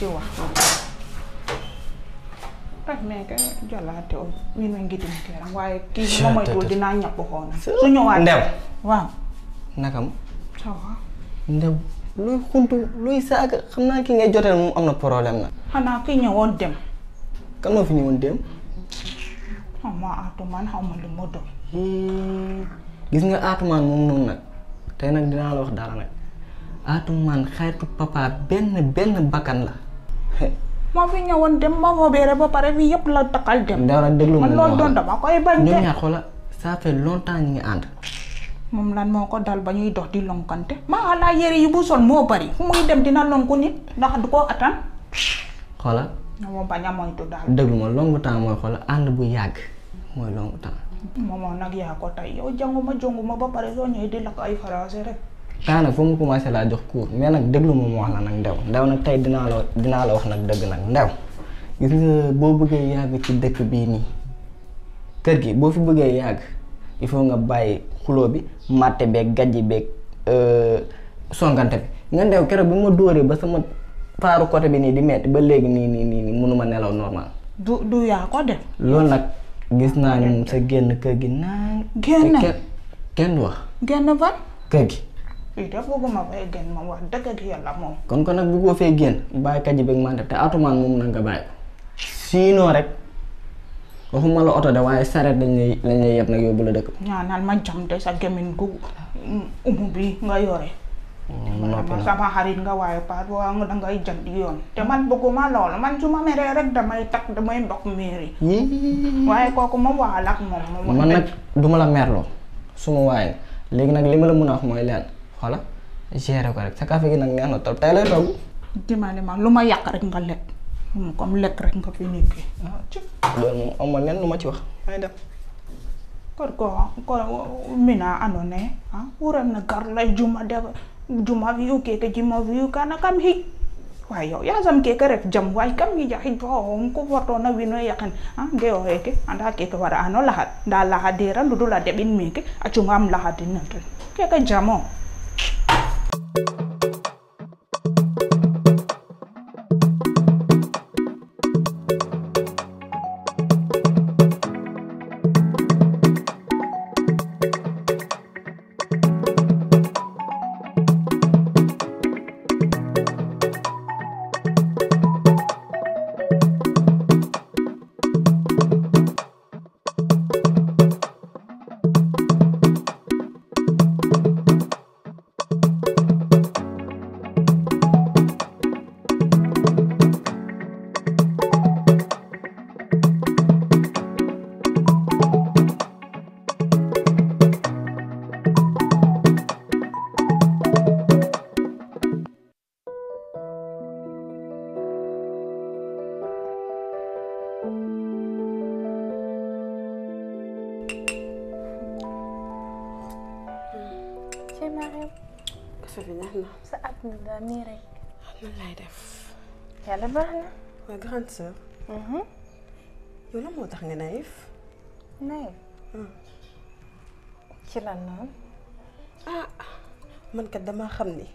ti wax rek mais que jalaate o wiin we ngidim keram waaye kii ma moytuwul dinaa ñàpp xoona su ñëwaat ndew waaw nakam ça va ndew luy xuntu luy saaga ki ngay problème na ki dem kan moo fi dem xaw atuman, atumaan lu ma doon gis nga atumaan moom noonu nag tey nag dinaa la wax dara nag atumaan papa moo fi ñëwoon dem ma fobeere ba pare fii yëpp la takkal dem. dara déglu ma man loolu doon dama koy bañ. ñoom ñaar ñu ngi moom lan moo ko dal ba ñuy dox di lonkante. maa laa yére yi bu sol moo bari fu muy dem dina lonku nit ndax du ko attan. xoola. moom bañ a moytu daal. déglu ma longu temps mooy xoola ànd bu yàgg mooy longu temps. moomoo nag yaa ko tey yow jànguma jànguma ba pare soo ñëwee di lakk ay français rek. temps nag foo mu commencé laa jox cours mais nag déglu mu wax la nag ndew ndew nag tey dinaa la dinaa la wax nag dëgg nag ndew gis nga boo bëggee yàgg ci dëkk bii nii kër gi boo fi bëggee yàgg il faut nga bàyyi xuloo bi màtte beeg gajji beeg euh, songante bi nga ndew keroog bi ma dóoree ba sama paaru côté bi nii di metti ba léegi nii nii nii nii mënuma nelaw normal du du yaa ko loolu nag gis naa ne moom sa genn kër gi naa génn kenn wax genn ban kër gi fii de bëgguma fee génn moom wax dëgg ak yàlla moom. comme que man def na nga bàyyi ko rek waxuma la oto de lay lay yeb la ma jam de sa gémmiñ gu umu bi nga yore. Oh, sama hari nga waaye Paar waa nga dangay jënd yoon. te man bëgguma loolu man su ma rek damay takk damay mbokk miiri. waaye kooku ma waxal ak man nag du la merloo su ma waaye wax xoola gérer ko rek sa kafe gi nag neex na trop tey lay togg dimaane ma lu ma yàq rek nga lekk comme lekk rek nga fi nekkee loolu ah, moom amul nen lu ci wax ah. may dem kor ko ko mina anone ha wuran na garla juma de juma viu ke ke juma viu kana kam hi wa yo ya zam ke ke ref jam wa kam hi ja ya hi do on oh, ko worto na wino yakan ha de o ke anda ke ke wara ano lahat da lahat deran dudula de bin mi ke acuma am lahat din nan ke ke jamo kafe bi neex na. sa àdduna daal nii laay def. yàlla baax na. waa grande sœur. Mhm. yow la moo tax nga naïf. naïf. Hmm. ci lan noonu. ah man kat dama xam ni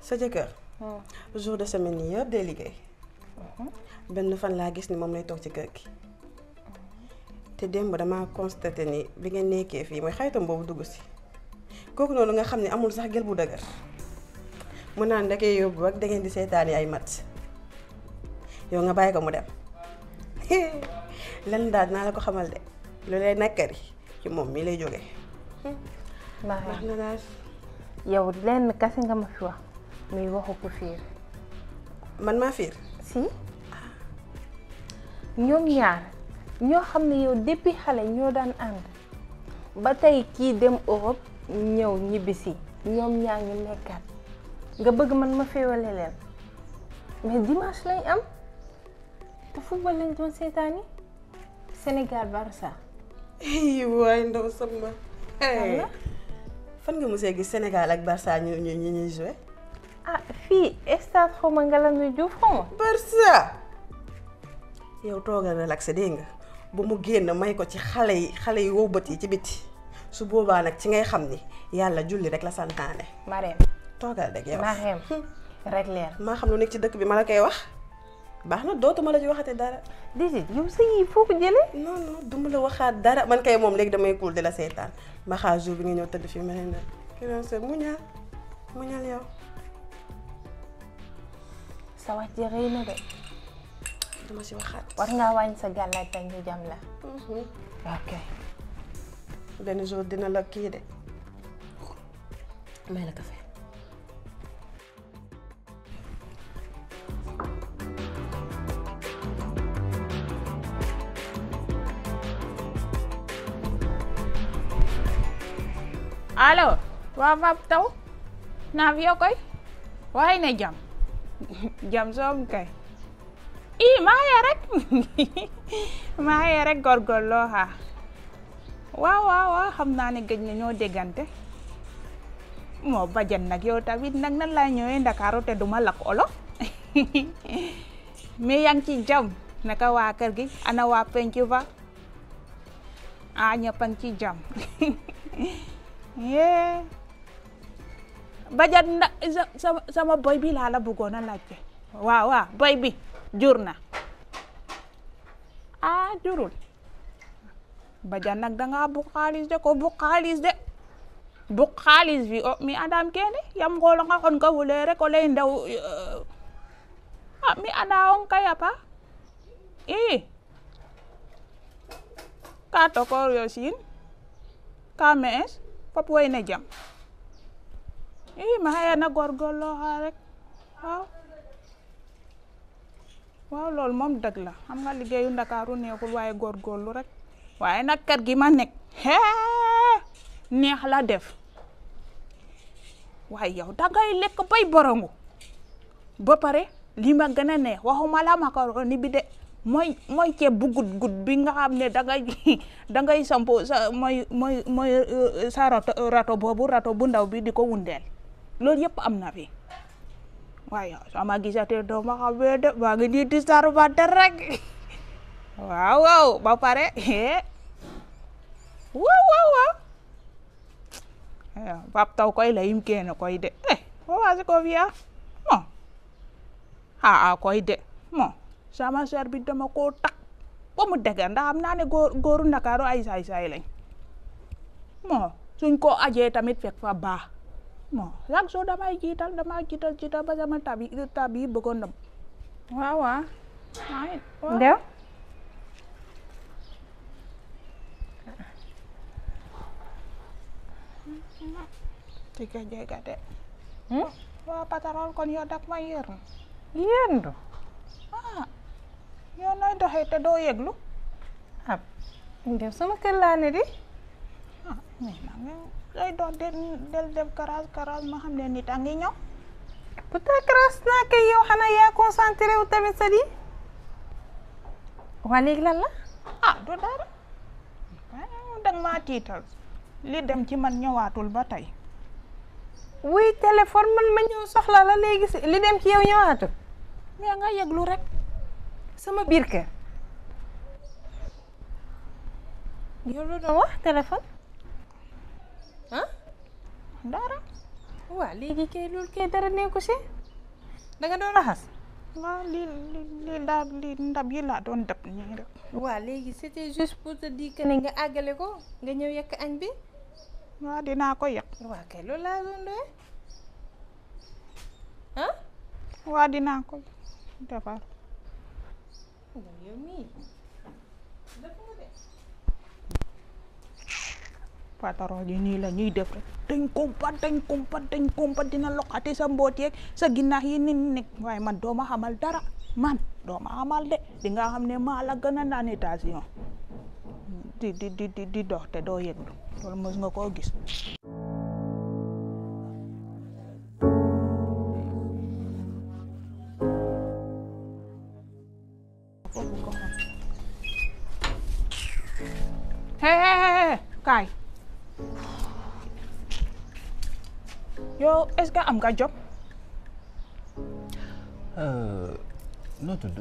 sa jëkkër. Hmm. jour de semaine yi yëpp liggéey. Mhm. benn fan laa gis ni moom lay toog ci kër gi. Mhm. te démb damaa constaté ni bi nga nekkee fii mooy xaytam boobu dugg si. kooku noonu nga xam ne amul sax gel bu dëgër mu naan da koy yóbbu ak da di seetaani ay mat yow nga bàyyi ko mu dem lan daal naa la ko xamal de lu lay nakkari ci moom mi lay jógee. baax na daal yow lenn kase nga ma fi wax muy waxu ko fiir man maa fiir si ñoom ñaar ñoo xam ne yow depuis xale ñoo daan ànd ba tey kii dem Europe ñëw ñibbisi ñoom ñaar ñu nekkaat nga bëgg man ma féewale leen mais dimanche lañ am te football lañ doon seetaani Sénégal Barça. waaye ndaw sama. fan nga mosee gis Sénégal ak Barça ñu ñu ñu ñuy joué. ah fii stade xaw ma Ngalandou Diouf xaw ma. Barça. yow toogal relaxé dégg nga ba mu génn may ko ci xale yi xale yi wóobat yi ci biti. su boobaa nag ci ngay xam ni yàlla julli rek la santaane. Marème toogal rek yow Marème hmm. maa xam lu nekk ci dëkk bi ma la koy wax baax na dootuma la ci waxate dara. déedéet yow ma la waxaat dara man kay moom léegi damay kuul di la seetaan ma xaar jour bi nga ñëw tëdd fi mu ne la. muñal muñal yow. sa wax ji rëy na de. dama si waxaat. war ngaa wàññi sa gàllaaj te ñu jam la. Hmm, hmm. benn jour dina la kii de may la café allo waaw Pape Taw naaf yoo koy waaye jam jam soom kay i maa yee maa yee rek góorgóorloo waaw waaw waaw xam naa ne gëj na ñoo déggante moo bajan nag yow tamit nag nan laa ñëwee Ndakaaru te duma lakk olof mais yaa ngi ci jàmm naka waa kër gi ana waa penc ba ah, a ngi ci jàmm yee bajan na sama sama boy bi laa la bëggoon a laajte waaw bi jur na ah jurul nak danga bukalis de ko bukalis de bukalis vi o oh, mi adam kene yam ngolonga kon ka wule rek mi ana on kaya apa i ka ko yo sin ka mes fop na jam i haya na ha rek waaw waaw lol mom dëgg la xam nga liggéeyu ndakaaru neexul ya rek waaye nag kër gi ma nekk hee neex la def waaye yow dangay lekk bay borongu ba pare lii ma gën a neex waxuma la macaroni bi de mooy mooy ceeb bu gud gud bi nga xam ne dangay dangay sampo sa mooy mooy mooy euh, sa rato rato boobu rato bu ndaw bi di ko wundeel loolu yëpp am na fi waaye sama gisatee doo ma xamee de maa ngi nii di sarbaate rek waaw waaw ba pare waaw waaw waaw pap taw koy layim kene koy de eh o ko fiya mo ha a koy de mo sama ser bi dama ko tak ba mu deger ndax xam naa ne góor góoru Ndakaaru ay saay mo suñ ko ajee tamit fekk fa baax mo lag soo damay jiital dama jiital jiital ba sama tabi tabi bëggoon na waaw waaw ndew tiga jaga dek hmm? wah patarol kon yodak ya, mayer Iya do ah ya, nai dah hete do yeglu ab ndem sama kelane ya, di ah memang ay do den del keras keras karas ma xam ne nit angi ñew puta karas na ke yow xana ya concentré wu tamit sa di wa ah do dara dang ma li dem ci man ñëwaatul ba tay wuy téléphone man ma ñëw soxla la légui li dem ci yow ñëwaatul mais nga rek sama biir ke yow lu do wax téléphone ah dara wa légui ke loolu ke dara ko ci da nga do raxas li li li laa li ndab yi la don dab ñi rek wa légui c'était juste pour te dire que nga àggale ko nga ñëw yekk añ bi waaw dinaa ko yëg. waaw kay loolu laa doon doye ah. waaw dinaa ko defar. yow mii def nga de. patron yi nii la ñuy def rek dañ kompa kompa dina loxati sa mboot yeeg sa ginnaaw yi ni nit waaye man dooma xamal dara man dooma xamal de di nga xam ne maa la gën a naan étation di di di di dox te doo yëglu loolu mos nga koo gis. kaay yow est-ce que am nga job. Euh, noo tudd.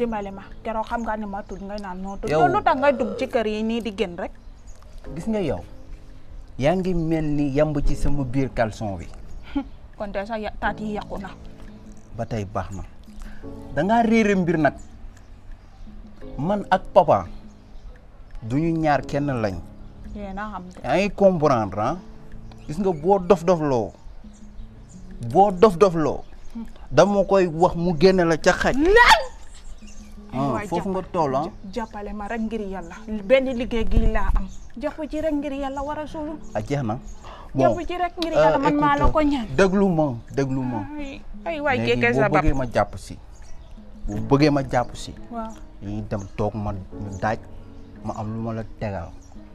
dimbale ma keroog xam nga ne ma tudd ngay naan noo tudd. yow loolu tax ngay dugg ci kër yi nii di génn rek. gis nga yow yaa ngi mel ni yamb ci sama biir caleçon bi. kon de sax da mbir man ak papa duñu ñaar kenn lañ. yéen a xam te yaa comprendre ah. gis nga boo dof dof loo dof dof dama koy wax mu génne la ca xaj. lan. Ah, foofu nga toll ah? jàppale ma rek ngir yàlla benn liggéey gii laa am. jàpp ci rek ngir yàlla war a suulu. ah na. bon jàpp ci rek ngir yàlla man euh, maa la ko ñaan. déglu ma déglu ma. ay waay keke sa boo bëggee ma jàpp si. bu bëggee ma jàpp si. waaw dañuy toog ma daaj ma am lu ma la tegal.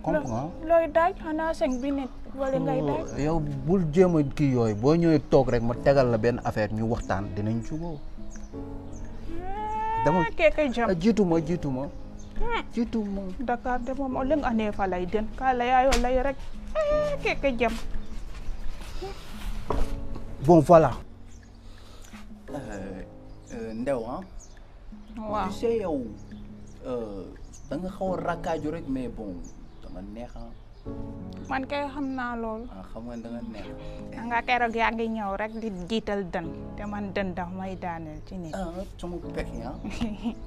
comprends looy daaj xanaa cinq minutes wala ngay oh, daaj yow bul jéem a kii yooyu boo ñëwee toog rek ma tegal la benn affaire ñu waxtaan dinañ jubóo dama ah, keke jam ah, jiitu ma jiitu hmm. ah, euh, euh, Ndew waaw gisee yow euh, da nga xaw rakkaaju rek mais bon Ah. man kay xam naa loolu. ah keroog yaa ngi ñëw rek di jiital dën te man dën daf may daaneel ci nit. ah sama pekk ah.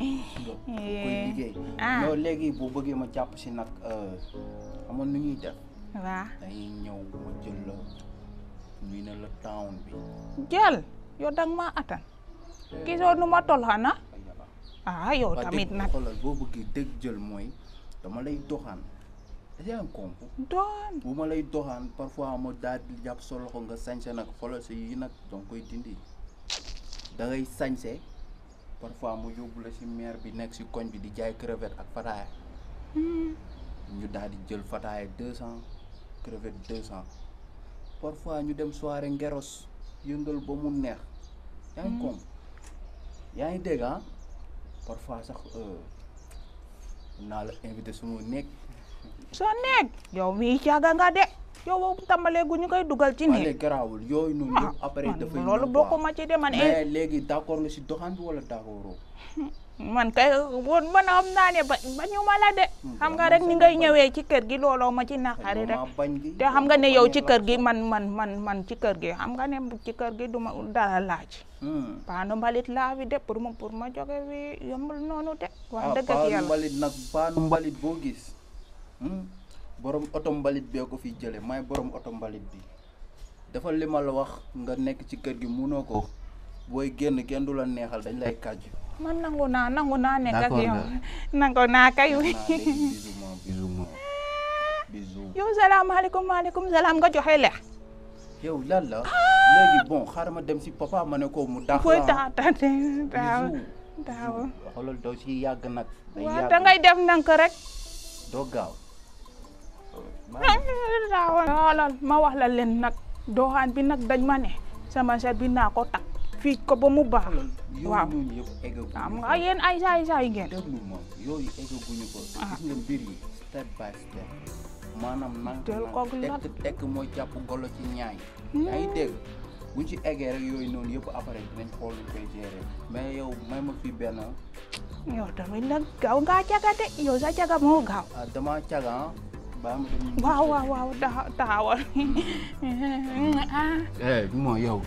yi ah. léegi bu bëggee ma jàpp si nag euh, amoon nu ñuy def. waaw dañuy ñëw ma jël la ñu ne la town bi. jël yow da nga maa gisoo nu ma tol xana ah yow tamit nag. mooy dama lay yaa ngi komp bu ma lay doxaan parfois ma daal di jàpp sa loxo nga sañse nag xoolal yi nag donc koy dindi da sañse parfois mu yóbbu la si maire bi nekk si koñ bi di jaay crevette ak fataaya hmm. ñu daal di jël fataaya deux cent crevette deux cent parfois ñu dem soirée ngeros yëngal ba mu neex yaa ngi komp hmm. yaa ngi dégg ah? parfois sax euh, naa la invité suma nekk soo nekk yow mii caaga nga de yow boobu tàmbaleegu gu ñukay duggal ci ne. waaye garaawul yooyu noonu ah, yëpp après lolu boko ma ci ya, de man. eh léegi d'accord accord nga si doxaan bi wala d'accordo man kay won man am na ne ba ñu ma la de. xam nga rek ni ngay ñëwee ci kër gi looloo ma ci naxari rek. te xam nga ne yow ci kër gi man man man man ci kër gi xam nga ne ci kër gi duma dara laaj. Hmm. paanu mbalit la wi de pour ma pour ma jóge wi yombul ya, nonu ya, de. wax dëgg ak yàlla ah paanu mbalit nag paanu mbalit bo gis. Hmm? borom auto mbalit bee ko fi jele may borom auto mbalit bi dafa lima la wax nga nek ci kër gi muno ko boy genn ken dula neexal dañ lay kàjj man nangu naa nangu naa nekk ak yow nangu naa kay yow salaamaaleykum alaykum salam nga joxe le yow la la ah! legui bon xaaral dem si papa ma ko mu dakh la taa taa daw daaw xoolal doo si yàgg da ngay def nank rek do gaw xoolal ma wax la leen nag doxaan bi nag dañ ma ne sama set bi naa ko takk fii ko ba mu baax waaw am nga yéen ay saay saay ngeen déglu ma yooyu ko ah. gis nga mbir yi step by step maanaam nag tekk tekk mooy jàpp golo ci ñaay hmm. yaa ngi dégg bu ci eggee rek yooyu noonu yëpp après dinañ xool ñu koy gérer mais yow may ma fii benn yow tamit nag gaaw ngaa caga de yow sa caga moo gaaw ah, dama caga ah. waaw waaw waaw taxawal ah. eh bon yow.